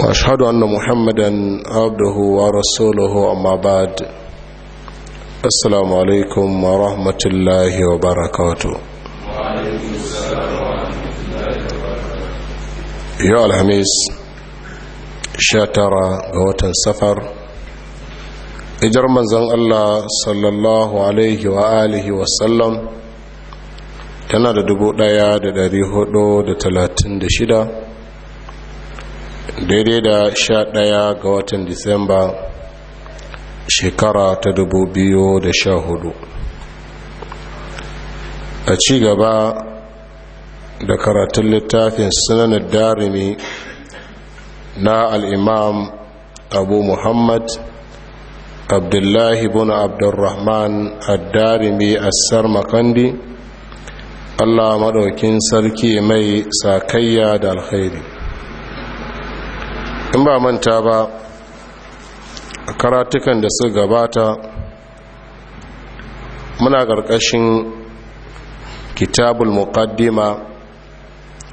واشهد ان محمدا عبده ورسوله اما بعد السلام عليكم ورحمه الله وبركاته yau alhamis tara ga watan safar ijar manzan allah sallallahu alaihi wa alihi wasallam tana da da talatin shida. daidai da sha ɗaya ga watan disamba shekara ta dubu biyu da sha hudu a ci gaba da karatun littafin sunanar darimi na al'imam abu muhammad abdullahi bin abdurrahman addarimi asar makandi allah maɗaukin sarki mai sakayya da alkhairi in ba manta ba a karatukan da su gabata muna ƙarƙashin kitabul muqaddima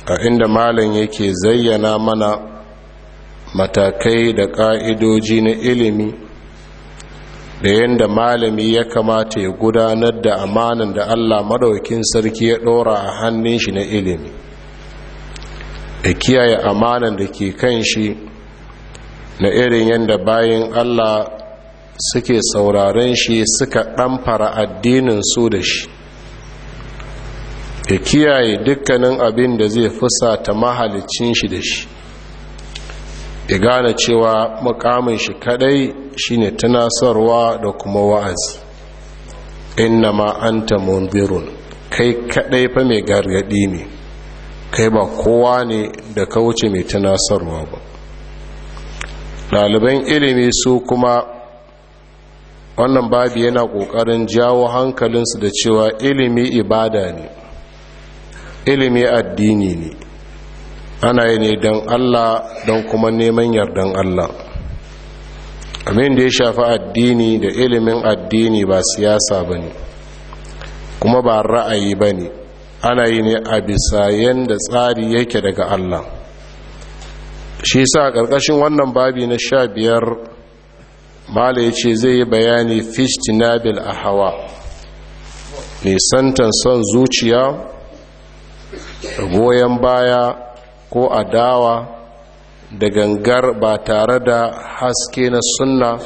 a inda malam yake zayyana mana matakai da ƙa'idoji na ilimi da yadda malami ya kamata ya gudanar da amanan da allah maɗaukin sarki ya ɗora a hannun shi na ilimi da kiyaye amanan da ke kan shi na irin yadda bayan allah suke sauraren shi suka ɗamfara addinin su da shi ya kiyaye dukkanin abin da zai fusa ta mahalicin shi da shi ya gane cewa mukamin shi kadai shine tunasarwa da kuma wa'azi inna ma anta munzirun kai kadai fa mai gargadi ne kai ba kowa ne da wuce mai tunasarwa ba ɗaliban ilimi su kuma wannan babi yana ƙoƙarin jawo hankalinsu da cewa ilimi ibada ne ilimi addini ne ana yi ne don allah don kuma neman yardan allah abin da ya shafi addini da ilimin addini ba siyasa ba ne kuma ba ra'ayi ba ne ana yi ne a bisa da tsari yake daga allah shi sa ƙarƙashin wannan babi na sha biyar mala ya ce zai yi bayani fistinabil a hawa nisantan son zuciya da goyon baya ko adawa da gangar ba tare da haske na sunna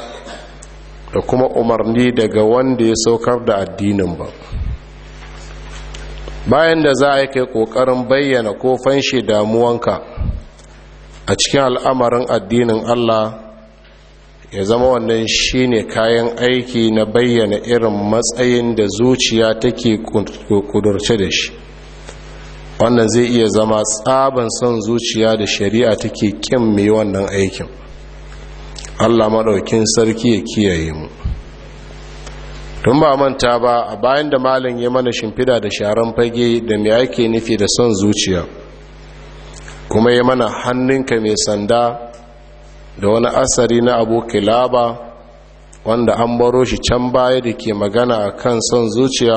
da kuma umarni daga wanda ya saukar da addinin ba bayan da za a yi kai ƙoƙarin bayyana ko fanshe damuwanka a cikin al'amarin addinin Allah ya zama wannan shi ne kayan aiki na bayyana irin matsayin da zuciya take kudurce da shi wannan zai iya zama tsaban son zuciya da shari'a take kin mai wannan aikin Allah maɗaukin sarki ya kiyaye mu tun ba manta ba a bayan da malin ya mana shimfida da sharan fage da mai ake nufi da son zuciya kuma ya mana hannunka mai sanda da wani asari na abu kilaba wanda an baro shi can baya da ke magana a kan son zuciya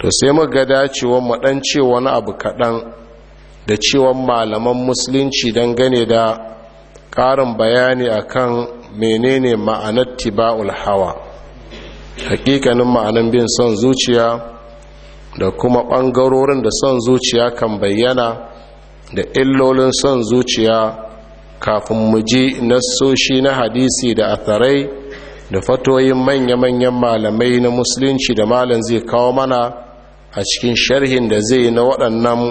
to sai muka dacewa mu dan wani abu kaɗan da cewan malaman musulunci don gane da ƙarin bayani akan menene ma'anar tiba'ul hawa hakikanin ma'anar bin son zuciya da kuma ɓangarorin da son zuciya kan bayyana da illolin son zuciya kafin mu ji nassoshi na hadisi da atharai da fatoyin manya-manyan malamai na musulunci da malam zai kawo mana a cikin sharhin da zai na waɗannan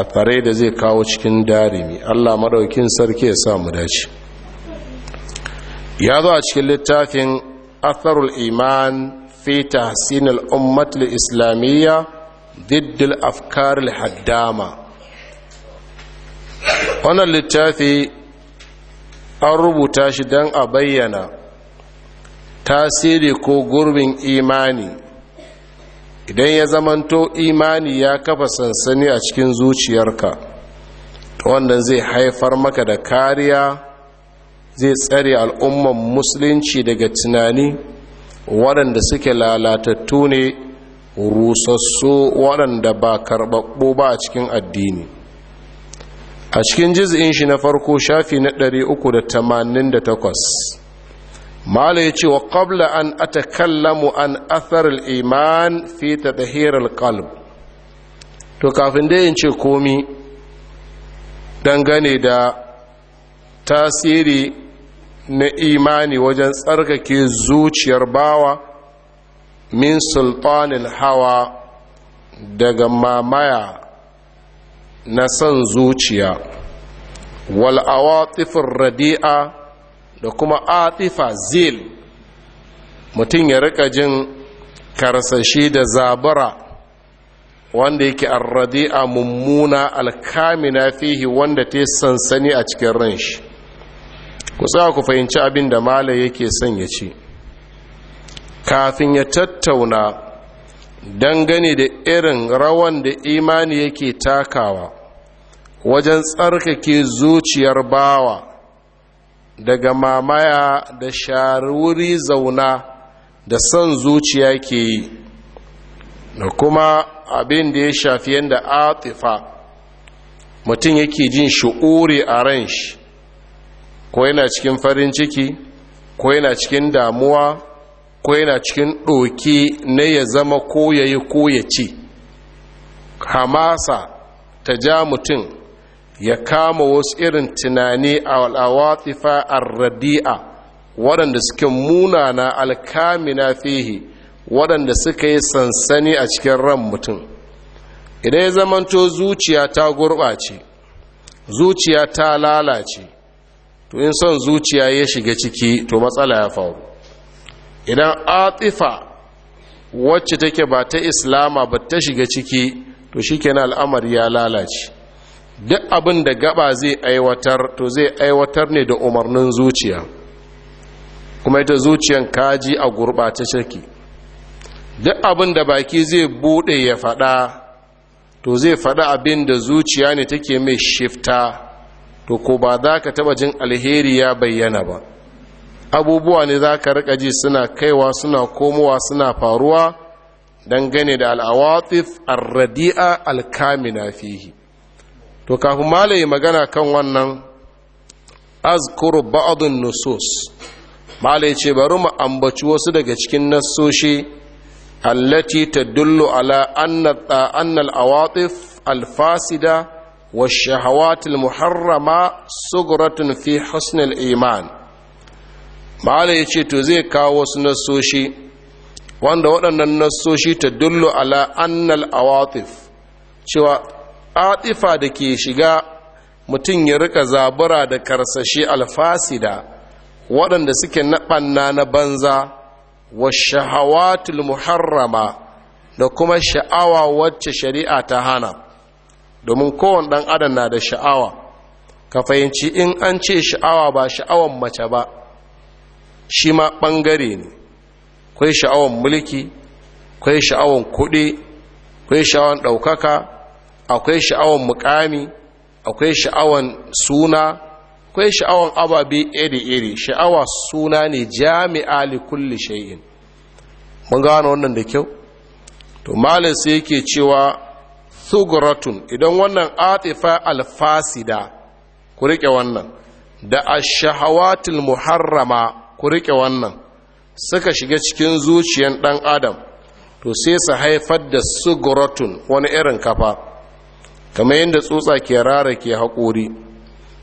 atharai da zai kawo cikin darimi allah maɗaukin sarki ya sa mu dace ya zo a cikin littafin atharul iman fi tahsin al'ummat islamiyya diddil afkar haddama wannan littafi an rubuta shi don a bayyana tasiri ko gurbin imani idan ya zamanto imani ya kafa sansani a cikin zuciyarka ta wannan zai haifar maka da kariya zai tsare al'umman musulunci daga tunani waɗanda suke lalatattu ne rusassu waɗanda ba karɓaɓɓo ba a cikin addini a cikin jiz'in shi na farko shafi na ɗari 388 mala ya ce wa ƙabla an atakallamu an athar iman fi ta al-qalb to kafin dai in ce komi dangane da tasiri na imani wajen tsarkake zuciyar bawa min sultanin hawa daga mamaya na san zuciya wal awatifin radi'a da kuma atifa zil mutum ya rika jin karsashi da zabara wanda yake arradi'a mummuna alkamina fihi wanda ta sansani a cikin ran shi ku tsaya ku fahimci abin da malai yake son ya ce kafin ya tattauna dangane da irin rawan da imani yake takawa wajen tsarkake zuciyar bawa daga mamaya da sharuri zauna da son zuciya ke yi da kuma abin da ya shafi yadda atifa mutum yake jin shi'uri a ran shi ko yana cikin farin ciki ko yana cikin damuwa ko yana cikin ɗoki na ya zama ko ya yi ko ya ci hamasa ta ja mutum ya kama wasu irin tunani a al'awatifa ar-radi'a waɗanda suke munana alkamina fihi waɗanda suka yi sansani a cikin ran mutum idan ya zamanto zuciya ta gurɓace zuciya ta lalace to in son zuciya ya shiga ciki to matsala ya faru idan atifa wacce take ba ta islama ba ta shiga ciki to shikenan al'amari ya lalace duk abin da gaba zai aiwatar to zai aiwatar ne da umarnin zuciya kuma ita zuciyan kaji a ta take duk abin da baki zai buɗe ya faɗa to zai faɗi abin da zuciya ne take mai shifta to ko ba za ka taɓa jin alheri ya bayyana ba abubuwa ne za ka rika ji suna kaiwa suna komowa suna faruwa dangane da al'awatif arradi'a alkamina fihi to kafin malaye magana kan wannan azkuru ba'adun nusus malaye ce bari mu ambaci wasu daga cikin nassoshi allati tadullu ala anna al'awatif alfasida wa shahawatil muharrama suguratun fi husnil iman ma'ala ya ce to zai kawo wasu nassoshi wanda waɗannan nassoshi ta dullo ala annal awatif cewa atifa da ke shiga mutum ya rika zabura da karsashi alfasida waɗanda suke naɓanna na banza wa shahawatul muharrama da kuma sha'awa wacce shari'a ta hana domin kowane ɗan adam na da sha'awa ka fahimci in an ce sha'awa ba sha'awan mace ba shi ma ɓangare ne kwai sha'awan mulki kwai sha'awan kuɗi kwai sha'awan ɗaukaka akwai sha'awan mukami akwai sha'awan suna kwai sha'awan ababe iri-iri sha'awa suna ne jami'a li kulli shay'in mun gano wannan da kyau to malam sai yake cewa thugratun idan wannan atifa alfasida ku riƙe wannan da ash-shahawatil muharrama ku riƙe wannan suka shiga cikin zuciyan ɗan adam to sai su haifar da sugurotun wani irin kafa kamar yadda tsutsa ke rara ke haƙori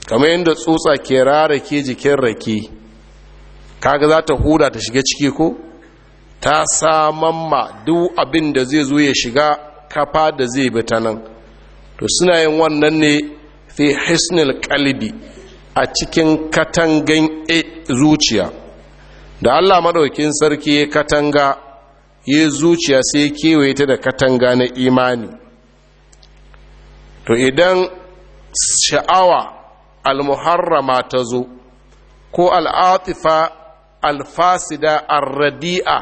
kamar yadda tsutsa ke rara ke jikin rake kaga za ta huda ta shiga ciki ko ta saman ma duk abin da zai zo ya shiga kafa da zai bi ta nan to suna yin wannan ne fi hisnil kalibi a cikin katangan e zuciya da Allah maɗaukin sarki ya katanga ya zuciya sai kewaye ta da katanga na imani to idan sha'awa almuharrama ta zo ko al'atifa alfasida arradi'a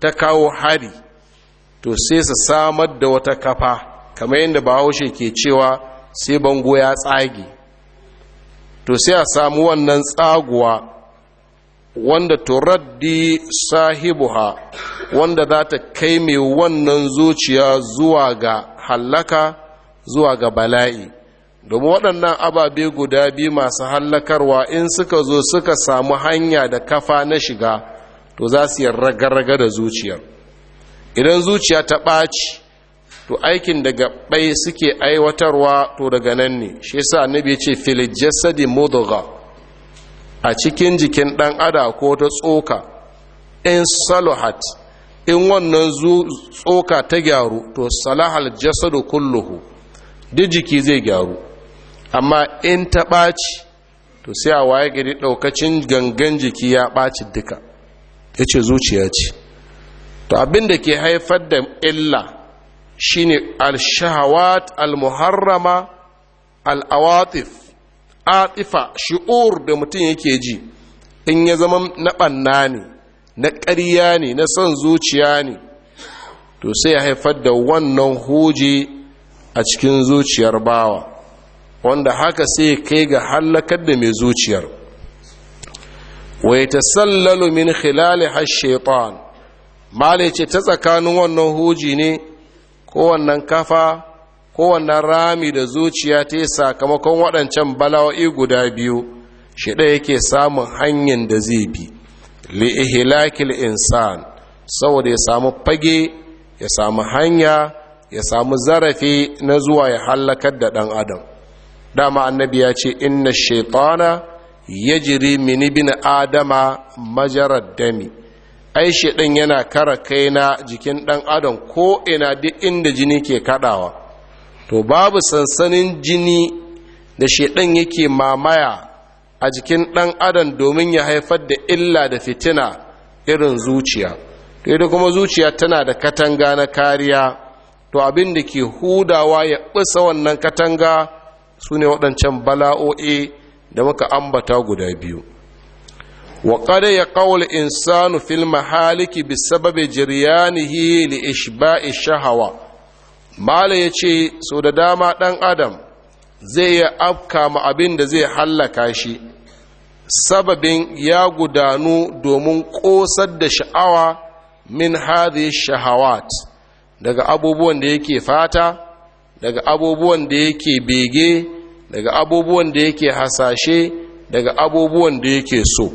ta kawo hari to sai su samar da wata kafa kamar yadda bahaushe ke cewa sai bango ya tsage to sai a samu wannan tsaguwa wanda turaddi sahibuha wanda za ta kai mai wannan zuciya zuwa ga hallaka zuwa ga bala'i domin waɗannan ababe guda biyu masu hallakarwa in suka zo suka samu hanya da kafa na shiga to za su yi raga-raga da zuciyar idan zuciya ta ɓaci to aikin da gaɓai suke aiwatarwa to daga nan ne shi sa annabi ya ce fil jasadi a cikin jikin ɗan ada ko ta tsoka in salahat in wannan tsoka ta gyaru to salahal jasadu kulluhu duk jiki zai gyaru amma in ta ɓaci to sai a waye gari ɗaukacin gangan jiki ya ɓaci duka ya ce zuciya ce to abin da ke haifar da illa shine al-shahawat al-muharrama al-awatif atifa shi'ur da mutum yake ji in ya zama na ɓanna ne na ƙarya ne na son zuciya ne to sai ya haifar da wannan huji a cikin zuciyar bawa wanda haka sai kai ga hallakar da mai zuciyar wai ta sallalu min khilali hashaitan male ce ta tsakanin wannan huji ne ko wannan kafa kowanne rami da zuciya ta yi sakamakon waɗancan bala'o'i guda biyu shi ɗaya yake samun hanyar da zai bi li'ihilakil insan saboda ya samu fage ya samu hanya ya samu zarafi na zuwa ya hallakar da ɗan adam dama annabi ya ce inna shaitana ya jiri mini bin adama majarar dami ai ɗin yana kara na jikin ɗan adam ko ina duk inda jini ke kaɗawa to babu sansanin jini da shedan yake mamaya a jikin ɗan adam domin ya haifar da illa da fitina irin zuciya to ita kuma zuciya tana da katanga na kariya to abin da ke hudawa ya ɓisa wannan katanga su ne waɗancan bala'o'i da muka ambata guda biyu wa kada ya kawul insanu fil mahaliki bi sababi jiryanihi li ishba'i shahawa mala ya ce so da dama ɗan adam zai ya afka ma abin da zai hallaka shi sababin ya gudanu domin ƙosar da sha'awa min hadhi shahawat daga abubuwan da yake fata daga abubuwan da yake bege daga abubuwan da yake hasashe daga abubuwan da yake so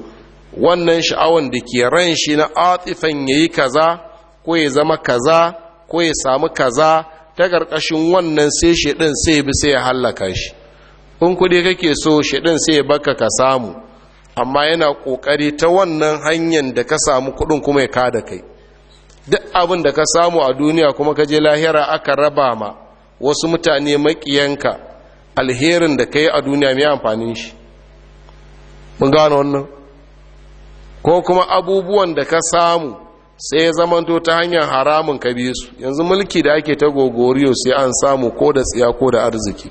wannan sha'awan da ke ran shi na atifan ya yi kaza ko ya zama kaza ko ya samu kaza ta ƙarƙashin wannan sai shaɗin sai bi sai ya hallaka shi in kuɗi kake so shiɗin sai baka ka samu amma yana ƙoƙari ta wannan hanyar da ka samu kuɗin kuma ya kada kai duk abin da ka samu a duniya kuma ka je lahira aka raba ma wasu mutane maƙiyanka alherin da ka yi a duniya mai amfanin shi mun gano wannan ko kuma abubuwan da ka samu sai ya zamanto ta hanyar haramun ka biye su yanzu mulki da ake ta gogoriyo sai an samu ko da tsiya ko da arziki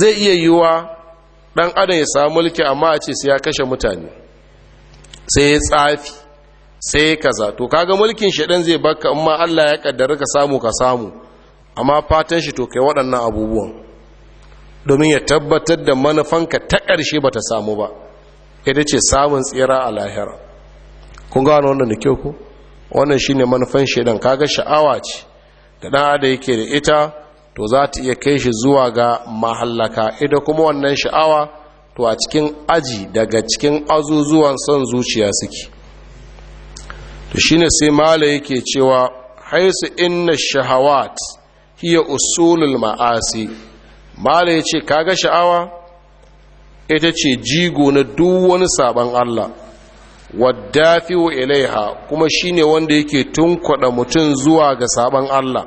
zai iya yiwuwa dan adam ya samu mulki amma a ce sai ya kashe mutane sai ya tsafi sai ya kaza to kaga mulkin shi dan zai baka amma Allah ya kaddara ka samu ka samu amma fatan shi to kai waɗannan abubuwan domin ya tabbatar da manufanka ta ƙarshe bata samu ba ita ce samun tsira a lahira kun gano wannan da kyau ku wannan shine manufan shedan kaga sha'awa ce da dan yake da ita to za ta iya kai shi zuwa ga mahallaka idan kuma wannan sha'awa to a cikin aji daga cikin azuzuwan son zuciya suke to shine sai mala yake cewa haisu inna shahawat hiya usulul ma'asi mala yace kaga sha'awa ita ce jigo na duk wani sabon Allah waddafi'u ilaiha kuma shine wanda yake tunkwada mutum zuwa ga saban Allah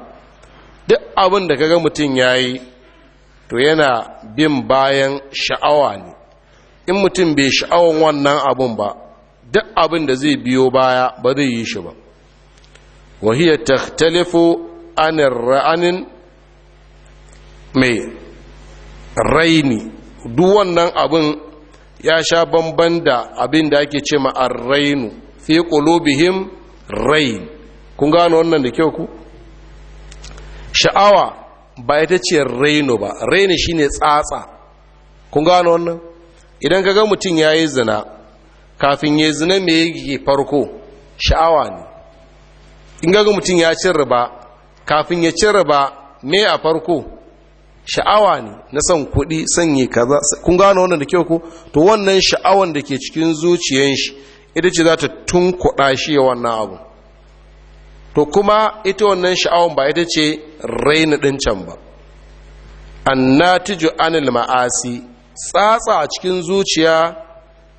duk abin da kaga mutum yayi to yana bin bayan sha'awa ne in mutum bai sha'awan wannan abun ba duk abin da zai biyo baya ba zai yi shi ba wahiya hiya takhtalifu an ra'anin mai raini duk wannan abin ya sha bamban da abin da ake ce ma'arrainu fi ƙulubihim rain kun gano wannan da kyau ku sha'awa ba ita ce rainu ba rainu shine tsatsa kun gano wannan idan ka ga mutum ya yi zina kafin ya yi zina me yake farko sha'awa ne in ga mutum ya cin riba kafin ya cin riba me a farko sha'awa ne na son kuɗi sanye kaza kun gano wannan da kyau ko to wannan sha'awan da ke cikin zuciyan shi ita ce za ta kuɗa shi ya wannan abu to kuma ita wannan sha'awan ba ita ce raina ɗin can ba tijo anil ma'asi tsatsa a cikin zuciya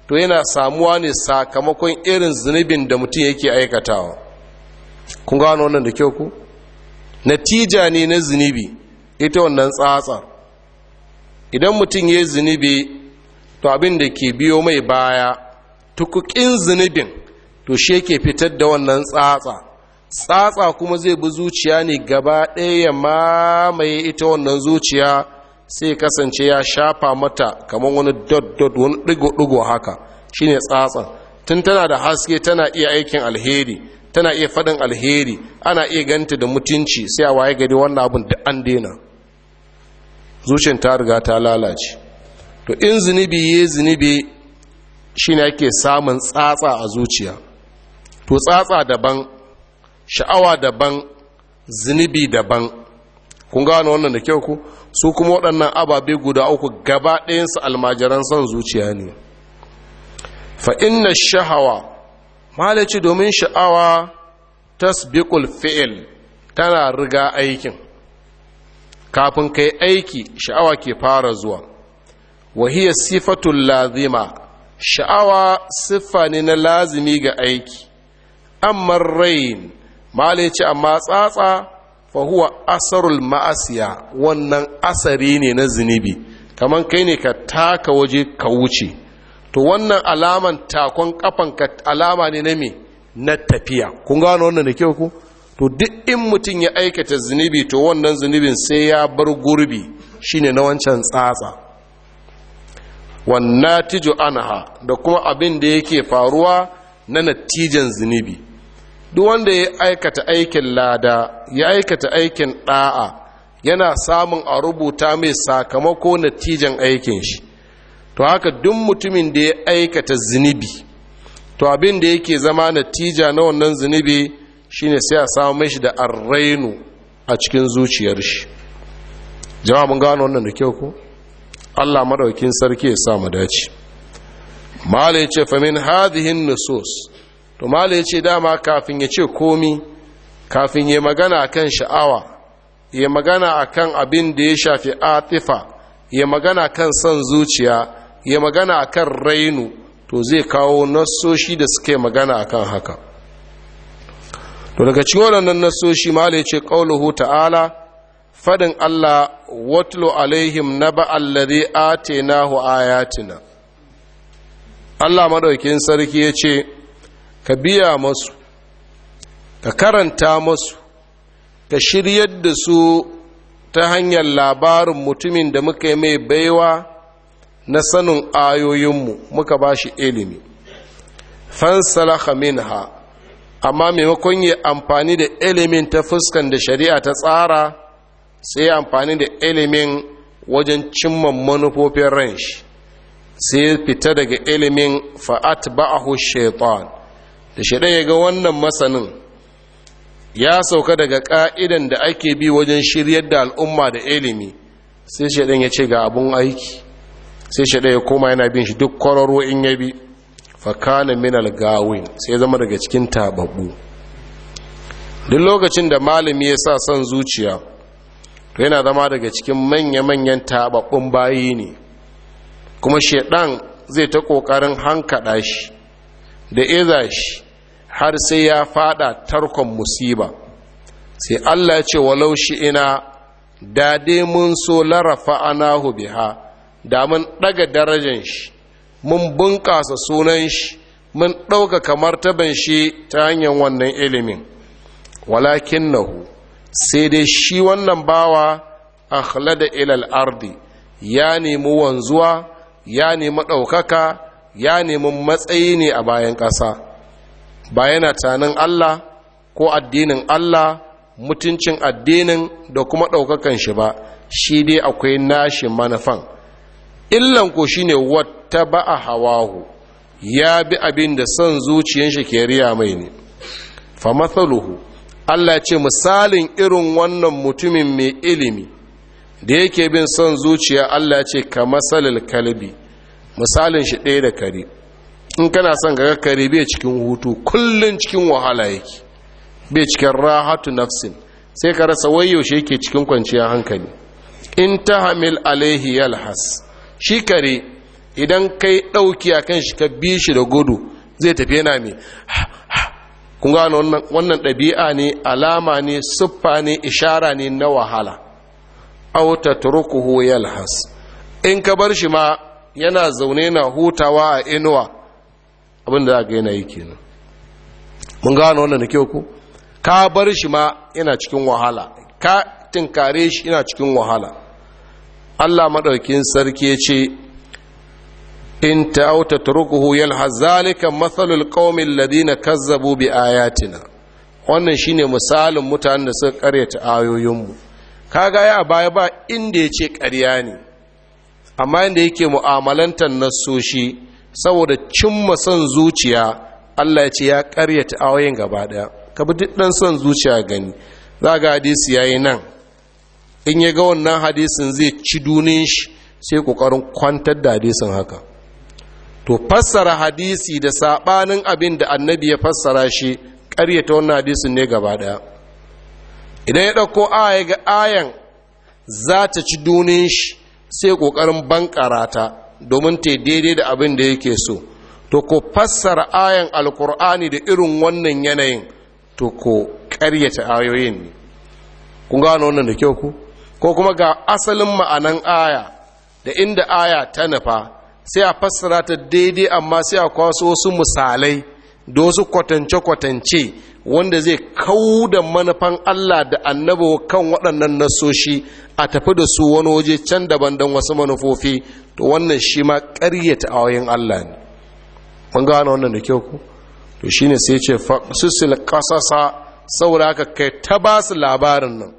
to yana samuwa ne sakamakon irin zunubin da mutum yake aikatawa kun gano wannan da kyau ku natija ne na zunubi ita wannan tsatsar idan mutum ya zunubi to abin da ke biyo mai baya tukukin zunubin to shi yake fitar da wannan tsatsa tsatsa kuma zai bi zuciya ne gaba ɗaya ya mamaye ita wannan zuciya sai kasance ya shafa mata kamar wani dot dot wani ɗigo-ɗigo haka shine tsatsa tun tana da haske tana iya aikin alheri tana iya faɗin alheri ana iya ganta da mutunci sai a waye gari wannan abin da an daina zuciyar ta riga ta lalace to in zunubi ya zunubi ne ake samun tsatsa a zuciya to tsatsa daban sha'awa daban zunubi daban kun gano wannan da kyau ku su kuma waɗannan ababe guda uku gaba ɗayansu almajiran son zuciya ne fa inna shahawa malaci domin sha'awa tasbiqul fi'il tana riga aikin kafin kai aiki sha'awa ke fara zuwa wahiyar sifatun lazima sha'awa sifa ne na lazimi ga aiki amma rain male ce amma tsatsa huwa asarul ma'asiya wannan asari ne na zunubi kamar kai ne ka taka waje ka wuce to wannan alaman takon kafan ka alama ne na me na tafiya kun gano wannan da kyau ku to duk in mutum ya aikata zunubi to wannan zunubin sai ya bar gurbi shine na wancan tsatsa wannan tijo anaha da kuma abin da yake faruwa na natijan zunubi duk wanda ya aikata aikin lada ya aikata aikin da'a yana samun a rubuta mai sakamako natijan aikin shi to haka duk mutumin da ya aikata zunubi to abin da yake zama natija na wannan zunubi shine sai a samu shi da arrainu a cikin zuciyar shi jawabin gano wannan da kyau ko Allah maɗaukin sarki ya sa mu dace malai yace fa min hadhihi nusus to mala ce dama kafin ya ce komi kafin ya magana akan sha'awa ya magana akan abin da ya shafi atifa ya magana kan son zuciya ya magana akan rainu to zai kawo nasoshi da suke magana akan haka to daga cikin waɗannan nasoshi malai ce qauluhu ta'ala faɗin Allah watlu alaihim naba a atainahu ayatina Allah madaukin sarki ya ce ka biya masu ka karanta masu ka shiryar da su ta hanyar labarin mutumin da muka yi mai baiwa na sanin ayoyinmu muka ba shi ilimi min ha. amma maimakon yi amfani da ilimin ta fuskan da shari'a ta tsara sai amfani da ilimin wajen cimma manufofin ran shi sai fita daga ilimin fa'at ba'ahu shaitan da shaɗa ya ga wannan masanin ya sauka daga ƙa'idan da ake bi wajen shiryar da al'umma da ilimi sai shaidan ya ce ga abun aiki sai shaɗa ya koma yana bin shi duk kwararro in ya bi fakana min gawin sai zama daga cikin tababbu duk lokacin da malami ya sa son zuciya to yana zama daga cikin manya-manyan tababbun bayi ne kuma shaidan zai ta kokarin hankada shi da iza shi har sai ya fada tarkon musiba sai Allah ya ce walau shi ina dade mun so larafa anahu biha da mun daga darajan shi mun bunƙasa sunan shi mun ɗauka ɗaukaka martaban shi ta hanyar wannan ilimin walakin nahu sai dai shi wannan bawa a akhlada ilal ardi ya nemi wanzuwa ya nemi ɗaukaka ya nemi matsayi ne a bayan ƙasa ba yana tanin Allah ko addinin Allah mutuncin addinin da kuma ɗaukakan shi ba shi dai akwai nashi manufan illan ko ne wat a hawahu ya bi abin da son zuciyar shi ke mai ne fa matsaluhu. Allah ce misalin irin wannan mutumin mai ilimi da yake bin son zuciya Allah ce ka matsalil kalbi misalin shi ɗaya da kare in kana son ga kare bai cikin hutu kullum cikin wahala yake bai cikin rahatu nafsin sai ka rasa yaushe yake cikin kwanciyar hankali in ta hamil alaihi yalhas shi kare idan kai ɗauki a kan shi ka bi shi da gudu zai tafi yana mai kun gano wannan ɗabi'a ne alama ne siffa ne ishara ne na wahala auta turkuhu yalhas in ka bar shi ma yana zaune na hutawa a inuwa abinda za ga yana yi kenan mun gano wannan da ku ka bar shi ma yana cikin wahala ka tinkare shi yana cikin wahala Allah maɗaukin sarki ce in ta'auta turkuhu yalhaz zalika mathalul qaumil ladina kazzabu bi ayatina wannan shine misalin mutanen da suka karyata ayoyinmu kaga ya baya ba inda yace ƙarya ne amma inda yake mu'amalantar nasoshi saboda cimma son zuciya Allah ya ce ya karyata ayoyin gaba daya ka bi duk dan son zuciya gani za ga hadisi yayi nan in ya ga wannan hadisin zai ci dunin shi sai kokarin kwantar da hadisin haka to fassara hadisi da sabanin abin da annabi ya fassara shi ta wannan hadisin ne gaba ɗaya. idan ya ɗauko aya ga ayan za ta ci dunin shi sai ƙoƙarin bankara ta domin ta daidai da abin da yake so to ko fassara ayan alkur'ani da irin wannan yanayin to ko ta ayoyin ne kun gano wannan da kyau ku ko kuma ga asalin ma'anan aya da inda aya ta nufa sai a fassara ta daidai amma sai a kwaso wasu misalai da wasu kwatance-kwatance wanda zai kau da manufan Allah da annabo kan waɗannan nasoshi a tafi da su wani waje can daban don wasu manufofi to wannan shi ma ta awayin Allah ne mun gano wannan da kyau ku to shine sai ce sussil kasasa saboda haka kai ta ba su labarin nan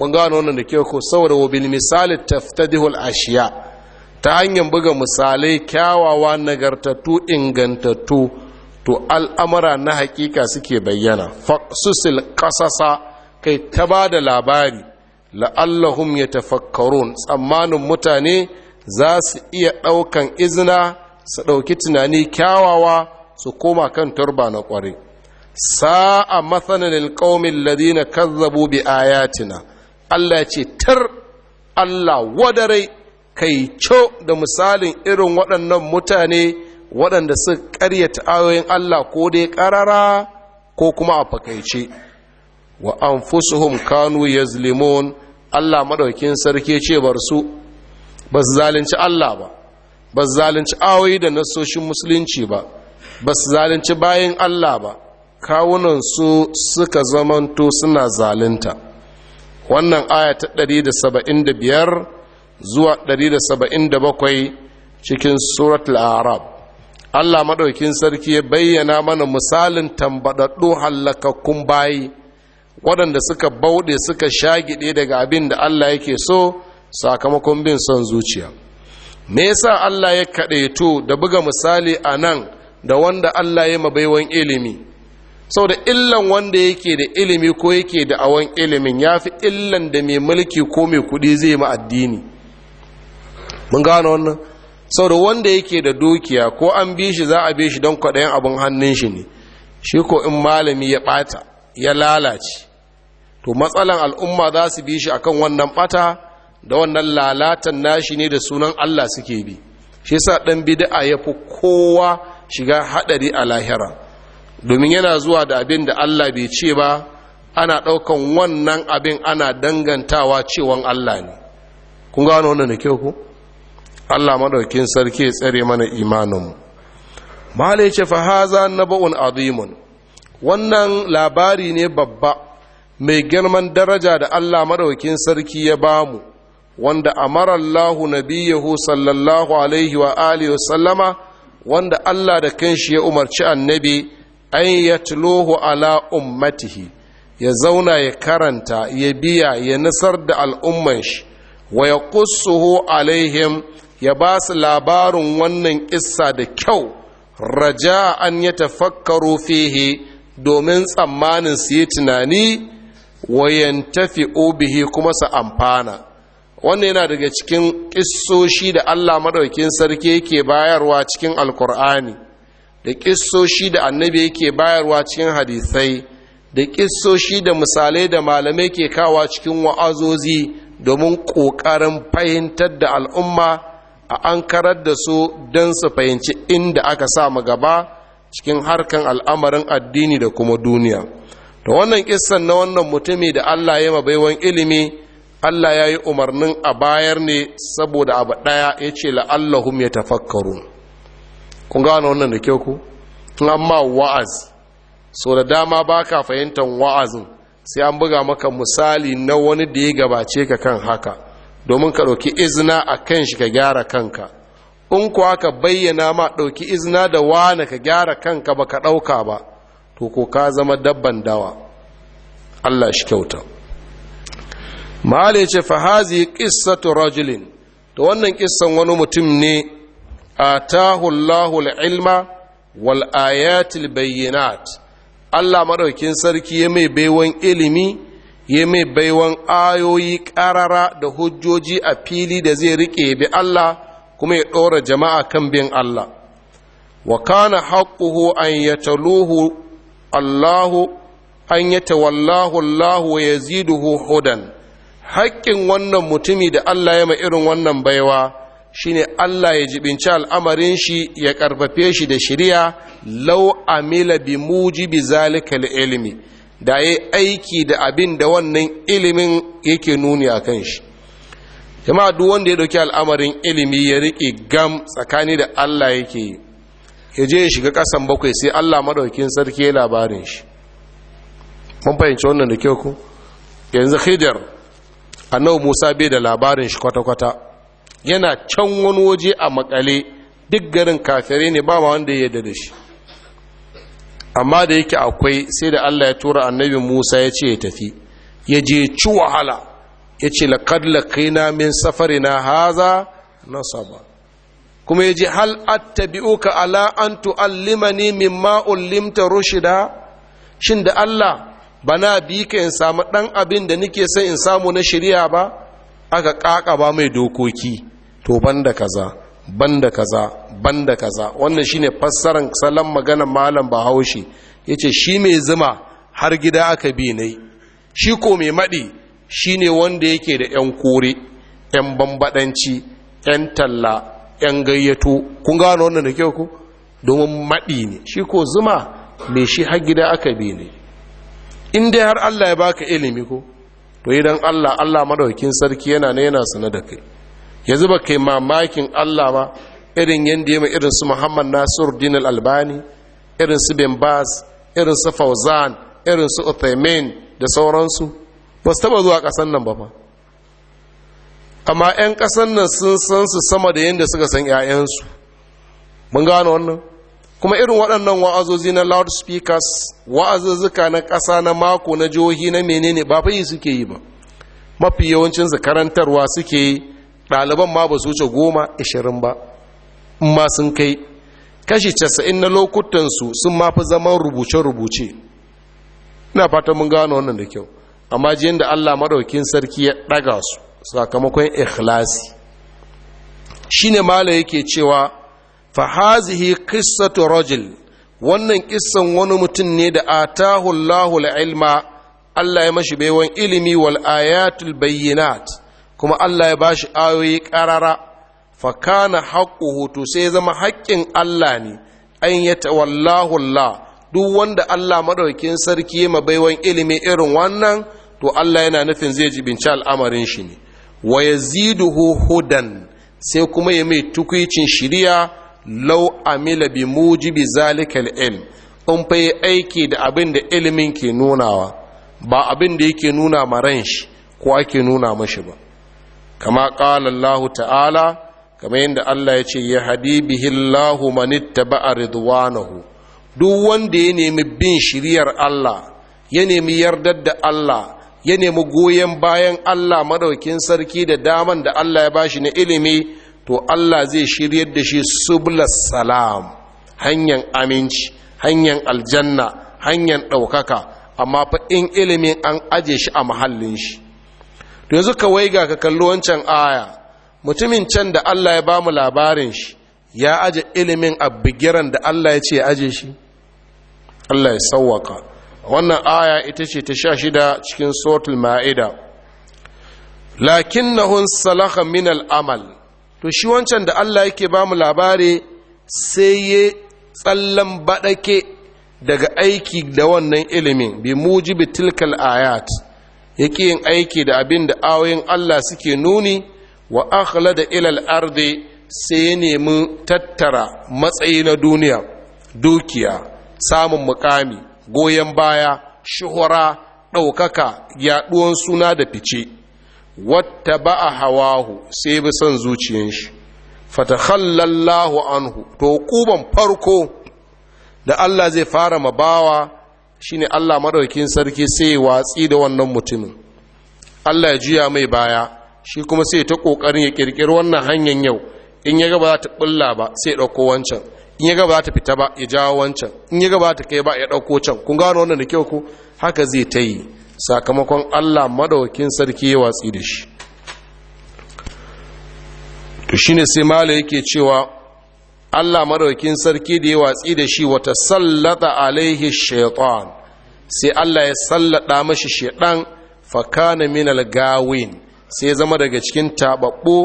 mun gano wannan da kyau ku saboda wabil misali taftadihul ashiya ta hanyar buga misalai kyawawa nagartattu ingantattu to al'amura na hakika suke bayyana fasusil kasasa kai ta ba da labari la'allahum tafakkarun tsammanin mutane za su iya ɗaukan izina su ɗauki tunani kyawawa su koma kan turba na ƙware sa'a matsanin alƙaumin ladina zabo bi ayatina Allah ce tar Allah wadarai kai co da misalin irin waɗannan mutane waɗanda su ƙaryata ayoyin Allah ko dai ƙarara ko kuma a fakaice wa an fusuhum kanu yazlimun Allah maɗaukin sarki ce bar su ba su zalunci Allah ba ba su zalunci ayoyi da nasoshin musulunci ba ba su zalunci bayan Allah ba kawunan su suka zamanto suna zalunta wannan aya ta 175 zuwa 177 cikin surat al'arab Allah maɗaukin sarki ya bayyana mana misalin tambadaddu hallakakkun bayi waɗanda suka bauɗe suka shagiɗe daga abin da Allah yake so sakamakon bin son zuciya me yasa Allah ya kaɗaito da buga misali a nan da wanda Allah ya mabaiwan ilimi sau da illan wanda yake da ilimi ko yake da awon ilimin ya fi illan da mai mulki ko mai kuɗi zai ma addini mun gano wannan saboda wanda yake da dukiya ko an bi shi za a bi shi don kwaɗayin abin hannun shi ne shi ko in malami ya ɓata ya lalace to matsalan al'umma za su bi shi akan wannan ɓata da wannan lalatan nashi ne da sunan Allah suke bi shi sa ɗan bid'a ya fi kowa shiga haɗari a lahira domin yana zuwa da abin da Allah bai ce ba ana ɗaukan wannan abin ana dangantawa cewan Allah ne kun gano wannan da kyau ku Allah maɗaukin sarki ya tsare mana imaninmu malai ce fa haza naba'un azimun wannan labari ne babba mai girman daraja da Allah maɗaukin sarki ya bamu wanda amarallahu Allah nabiyahu sallallahu alaihi wa alihi wa sallama wanda Allah da kanshi ya umarci annabi an yatluhu ala ummatihi ya zauna ya karanta ya biya ya nasar da al'umman shi wa ya alaihim ya ba su labarin wannan ƙisa da kyau raja an ya tafakkaro fihi domin tsammanin su yi tunani wayan tafi obihi kuma su amfana wannan yana daga cikin ƙissoshi da allah maɗaukin sarki yake bayarwa cikin alkur'ani da ƙissoshi da annabi yake bayarwa cikin hadisai da ƙissoshi da misalai da malamai ke kawa cikin wa'azozi domin ƙoƙarin fahimtar da al'umma a an karar da su don su fahimci inda aka samu gaba cikin harkan al'amarin addini da kuma duniya da wannan kissan na wannan mutumi da Allah ya mabaiwan ilimi Allah ya yi umarnin a bayar ne saboda abu ɗaya ya ce la'allahum ya tafakkaru kun gano wannan da kyau ku tun amma wa'az so da dama ba ka fahimtar wa'azin sai an buga maka misali na wani da ya gabace ka kan haka domin ka ɗauki izina a kan shi ka gyara kanka in kuwa ka bayyana ma ɗauki izina da wane ka gyara kanka ba ka ɗauka ba to ko ka zama dabban dawa allah shi kyauta malice ce fahazi ƙissatu rajulin to wannan ƙissan wani mutum ne a ilma wal ayatil bayyinat allah maɗaukin sarki ya mai baiwan ilimi yi mai baiwan ayoyi ƙarara da hujjoji a fili da zai riƙe bi Allah kuma ya ɗora jama'a kan bin Allah wa kana haƙuhu an taluhu Allahu an tawallahu Allahu wa yaziduhu hudan haƙƙin wannan mutumi da Allah ya ma irin wannan baiwa shine Allah ya jibinci al'amarin shi ya ƙarfafe shi da shiriya lau amila bi mujibi zalika ilmi da ya aiki da abin da wannan ilimin yake nuni a kan shi jama'a duk wanda ya dauki al'amarin ilimi ya riƙe gam tsakani da allah yake yi ya je ya shiga ƙasan bakwai sai allah maɗaukin sarki ya labarin shi mun fahimci wannan da kyau ku yanzu hidar annabi musa bai da labarin shi kwata-kwata yana can wani waje a makale duk garin kafirai ne ba ma wanda ya yarda da shi amma da yake akwai sai da Allah ya tura annabi Musa ya ce ya tafi ya je ci wahala ya ce laqad laqina min safari na haza na saba. kuma ya je hal attabi'uka ala an tu'allimani mimma ullimta rushida shin da Allah bana bi ka in samu dan abin da nake son in samu na shari'a ba aka ƙaƙaba mai dokoki to banda kaza banda kaza banda kaza wannan shine fassaran salon magana malam bahaushe yace shi mai zuma har gida aka bi ne shi ko mai madi shine wanda yake da yan kore yan bambadanci yan talla yan gayyato kun gano wannan da kyau ko domin madi ne shi ko zuma mai shi har gida aka bi ne in dai har Allah ya baka ilimi ko to idan Allah Allah madaukin sarki yana ne yana sanar da kai yanzu ba kai mamakin Allah ba irin yadda ya irin su Muhammad Nasiru Din Albani irin su Ben Bas irin su Fauzan irin su Uthaymin da sauransu ba su taba zuwa kasan nan ba fa amma 'yan kasan nan sun san su sama da yadda suka san 'ya'yansu mun gano wannan kuma irin waɗannan wa'azozi na loudspeakers wa'azuzzuka na ƙasa na mako na jihohi na menene ba fa suke yi ba mafi yawancinsu karantarwa suke yi ɗaliban ma ba su wuce goma ashirin ba in ma sun kai kashi casa'in na lokutansu sun ma fi zaman rubuce-rubuce ina fatan mun gano wannan da kyau amma jiyan da allah maɗaukin sarki ya ɗaga su sakamakon ikhlasi ne mala yake cewa fa hazihi qissatu rajul wannan kissan wani mutum ne da atahu Allahul ilma Allah ya mashi baiwan ilimi wal ayatul kuma Allah ya bashi ayoyi ƙarara kana haƙƙuhu to sai ya zama haƙƙin Allah ne an ya tawallahu Allah duk wanda Allah madaukin sarki ya baiwan ilimi irin wannan to Allah yana nufin zai bince al'amarin shi ne wa yaziduhu hudan sai kuma ya mai tukuicin shiriya law amila bi mujibi zalikal ilm in fa yi aiki da abin da ilimin ke nunawa ba abin da yake nuna ma ran shi ko ake nuna mashi ba kama ƙala Allah ta'ala kamar yadda Allah ya ce ya habibihi Allah manitta a ridwanahu duk wanda ya nemi bin shiriyar Allah ya nemi yardar da Allah ya nemi goyon bayan Allah madaukin sarki da daman da Allah ya bashi na ilimi to Allah zai shiryar da shi sublas salam hanyar aminci hanyar aljanna hanyar ɗaukaka amma fa in ilimin an aje shi a mahallin shi to yanzu ka waiga ka kalli wancan aya mutumin can da Allah ya bamu labarin shi ya aje ilimin abbigiran da Allah ya ce ya aje shi Allah ya sawwaka wannan aya ita ce ta sha shida cikin sotul ma'ida lakinnahun salaka min al'amal to shi wancan da Allah yake bamu labari sai ya tsallan baɗake daga aiki da wannan ilimin bi mujibi tilkal ayat ya yin aiki da abin da awoyin Allah suke nuni wa akhla da ilal ardi sai ya nemi tattara matsayi na duniya dukiya samun mukami goyon baya shuhura ɗaukaka yaɗuwan suna da fice wata ba a hawahu sai bi son zuciyan shi fatakhallallahu anhu to kuban farko da Allah zai fara mabawa shine Allah madaukin sarki sai ya watsi da wannan mutumin Allah ya juya mai baya shi kuma sai ta kokarin ya kirkiri wannan hanyar yau in ya ga ba za ta bulla ba sai ya dauko wancan in ya ga za ta fita ba ya jawo wancan in ya ga ta kai ba ya dauko can kun gano wannan da kyau ko haka zai ta yi sakamakon Allah madaukin sarki ya watsi da shi to shine sai mala yake cewa Allah maraukin sarki da ya watsi da shi wata sallata alaihi shaitan sai Allah ya sallada mashi shaitan fakana min gawin sai zama daga cikin tababbu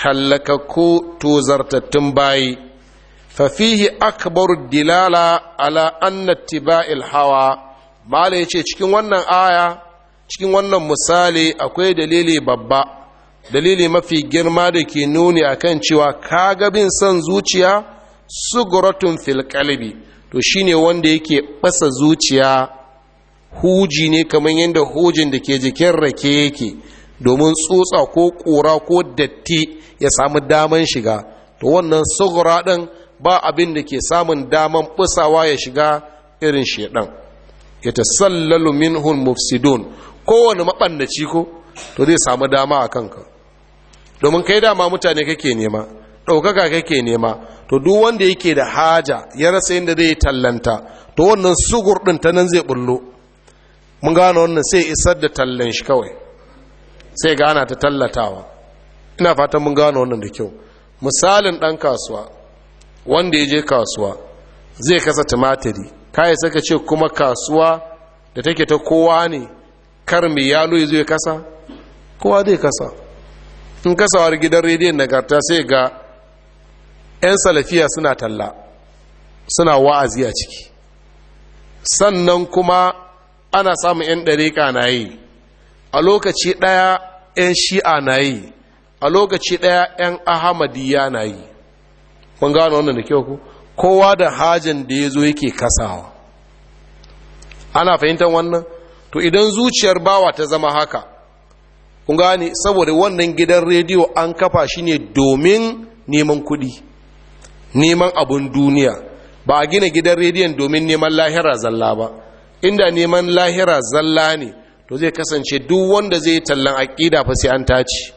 hallakakku tozartattun bayi fafihi akbar dilala ala anna tiba'il hawa mala yace cikin wannan aya cikin wannan misali akwai dalili babba dalili mafi girma da ke nuni a kan cewa kagabin bin son zuciya suguratun gurotun filkalibi to shine wanda yake ɓasa zuciya huji ne kamar yadda hujin da ke jikin rake yake domin tsutsa ko ƙura ko datti ya samu daman shiga to wannan sugura ɗin ba abin da ke samun daman basawa ya shiga irin shedan ya tasallalu minhun mufsidun kowane maɓannaci ko to zai samu dama a kanka domin kai dama mutane kake nema ɗaukaka kake nema to duk wanda yake da haja ya rasa yadda zai tallanta to wannan sugur ɗin ta nan zai bullo mun gane wannan sai isar da tallan shi kawai sai gana ta tallatawa ina fatan mun gane wannan da kyau misalin ɗan kasuwa wanda ya je kasuwa zai kasa tumatiri kayi saka ce kuma kasuwa da take ta kowa ne kar mai yalo ya zo ya kasa kowa zai kasa in kasawar gidan rediyon nagarta sai ga 'yan salafiya suna talla suna wa'azi a ciki sannan kuma ana samun 'yan ɗariƙa na yi a lokaci ɗaya 'yan shi'a na yi a lokaci ɗaya 'yan ahamadiya na yi kun gano wannan da kyau ku kowa da hajin da ya zo yake kasawa ana fahimtar wannan to idan zuciyar bawa ta zama haka kun gane saboda wannan gidan rediyo an kafa shi ne domin neman kuɗi neman abun duniya ba a gina gidan rediyon domin neman lahira zalla ba inda neman lahira zalla ne to zai kasance duk wanda zai tallan aƙida fa sai an tace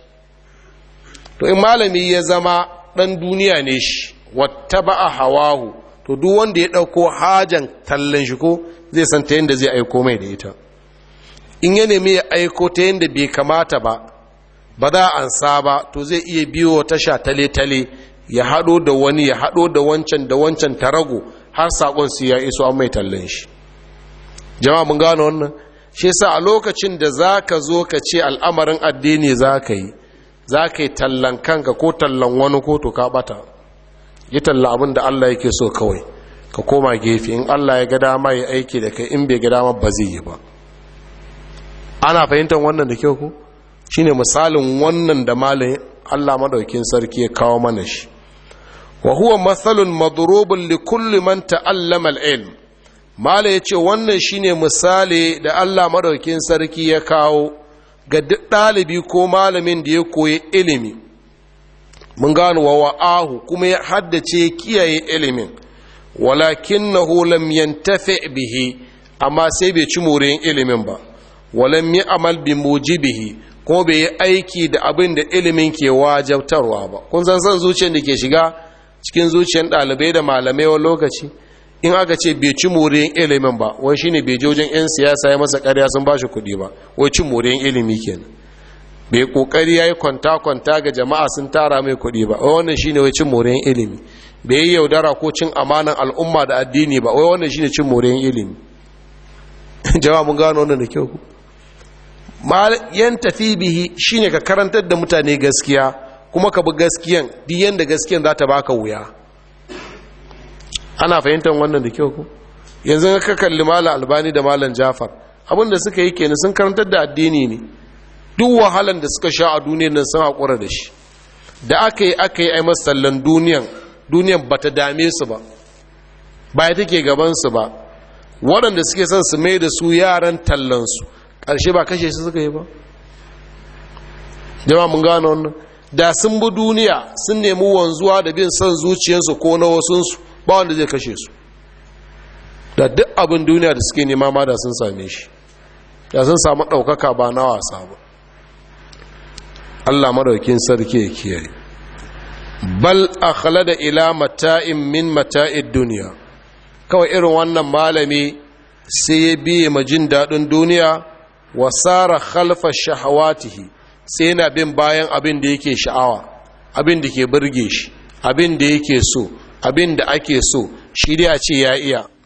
to in malami ya zama ɗan duniya ne shi wata ba a hawahu to duk wanda ya ɗauko hajan tallan shi ko zai san ta yadda zai aiko mai da ita in ya nemi ya aiko ta yadda bai kamata ba ba za a ansa ba to zai iya biyo tasha tale-tale ya haɗo da wani ya haɗo da wancan da wancan ta tarago har saƙon su ya iso an mai tallan shi jama'a mun gano wannan shi sa a lokacin da za ka zo ka ce al'amarin addini za ka yi za ka yi tallan kanka ko tallan wani ko to ka bata yi talla abin da allah yake so kawai ka koma gefe in allah ya ga dama ya aiki da kai in bai ga dama ba zai yi ba ana fahimtar wannan da kyau ku shine misalin wannan da malin Allah madaukin sarki ya kawo mana shi wa huwa masalun madurobin li kulli man ta'allama al ya yace wannan shine misali da Allah madaukin sarki ya kawo ga duk ɗalibi ko malamin da ya koyi ilimi mun gano wa wa'ahu kuma ya haddace kiyaye ilimin walakin na lam yantafe bihi amma sai bai ci morin ilimin ba walam yi amal bi mujibihi ko bai yi aiki da abin da ilimin ke wajabtarwa ba kun san san zuciyar da ke shiga cikin zuciyar ɗalibai da malamai wani lokaci in aka ce bai ci moriyan ilimin ba wai shine bai jojin 'yan siyasa ya masa ƙarya sun ba shi kuɗi ba wai cin moriyan ilimi kenan bai kokari ya yi kwanta-kwanta ga jama'a sun tara mai kuɗi ba wai wannan shine wai cin moriyan ilimi bai yi yaudara ko cin amanan al'umma da addini ba wai wannan shine cin moriyan ilimi jama'a mun gano wannan da kyau yan tafi bihi shine ka karantar da mutane gaskiya kuma ka bi gaskiyan biyan da gaskiyan za ta baka wuya ana fahimtar wannan da kyau ku yanzu ka kalli malam albani da malam jafar abinda suka yi kenan sun karantar da addini ne duk wahalan da suka sha a duniyan nan sun haƙura da shi da aka yi aka yi ai sallan duniyan duniyan ba ta dame su ba ba ya take gabansu ba waɗanda suke son su mai da su yaran tallansu ƙarshe ba kashe su suka yi ba jama mun gano wannan da sun bi duniya sun nemi wanzuwa da bin son zuciyarsu ko na wasunsu ba wanda zai kashe su da duk abin duniya da suke nema ma da sun same shi da sun samu ɗaukaka ba na wasa ba allah maraukin sarki ya kiyaye bal a da ila mata'in min mata'id duniya kawai irin wannan malami sai ya biye ma jin daɗin duniya wasara khalfa shahawatihi sai yana bin bayan abin da yake sha'awa abin da ke burge shi abin da yake so abin da ake so shi dai a ce ya iya